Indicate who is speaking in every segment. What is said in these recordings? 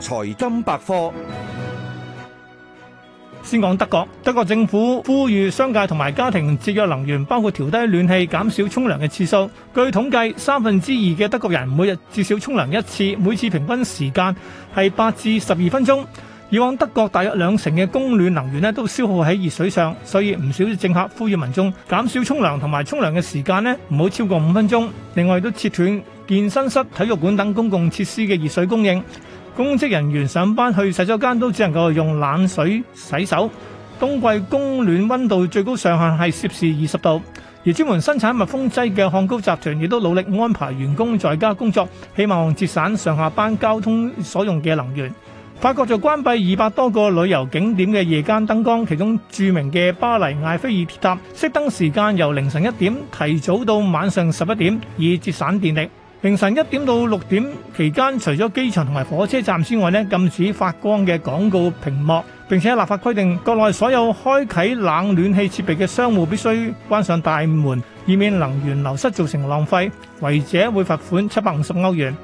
Speaker 1: 財金百科先講德國，德國政府呼籲商界同埋家庭節約能源，包括調低暖氣、減少沖涼嘅次數。據統計，三分之二嘅德國人每日至少沖涼一次，每次平均時間係八至十二分鐘。以往德國大約兩成嘅供暖能源都消耗喺熱水上，所以唔少政客呼籲民眾減少沖涼同埋沖涼嘅時間咧，唔好超過五分鐘。另外，亦都切斷健身室、體育館等公共設施嘅熱水供應。公職人員上班去洗手間都只能夠用冷水洗手。冬季供暖溫度最高上限係攝氏二十度。而專門生產密封劑嘅漢高集團亦都努力安排員工在家工作，希望節省上下班交通所用嘅能源。法國就關閉二百多個旅遊景點嘅夜間燈光，其中著名嘅巴黎艾菲爾鐵塔熄燈時間由凌晨一點提早到晚上十一點，以節省電力。凌晨一點到六點期間，除咗機場同埋火車站之外，呢禁止發光嘅廣告屏幕。並且立法規定，國內所有開啓冷暖氣設備嘅商戶必須關上大門，以免能源流失造成浪費。違者會罰款七百五十歐元。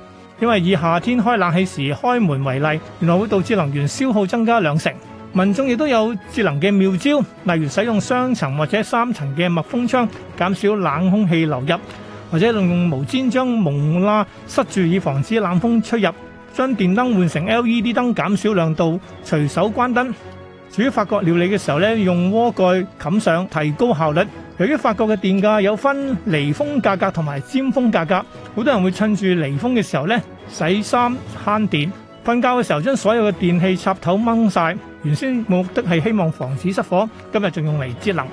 Speaker 1: 因為以夏天開冷氣時開門為例，原來會導致能源消耗增加兩成。民眾亦都有節能嘅妙招，例如使用雙層或者三層嘅密封窗，減少冷空氣流入。或者用毛氈將蒙拉塞住，以防止冷風出入。將電燈換成 LED 燈，減少亮度，隨手關燈。煮法國料理嘅時候呢，用鍋蓋冚上，提高效率。由於法國嘅電價有分離峰價格同埋尖峰價格，好多人會趁住離峰嘅時候呢，洗衫慳電。瞓覺嘅時候，將所有嘅電器插頭掹晒。原先目的係希望防止失火，今日仲用嚟節能。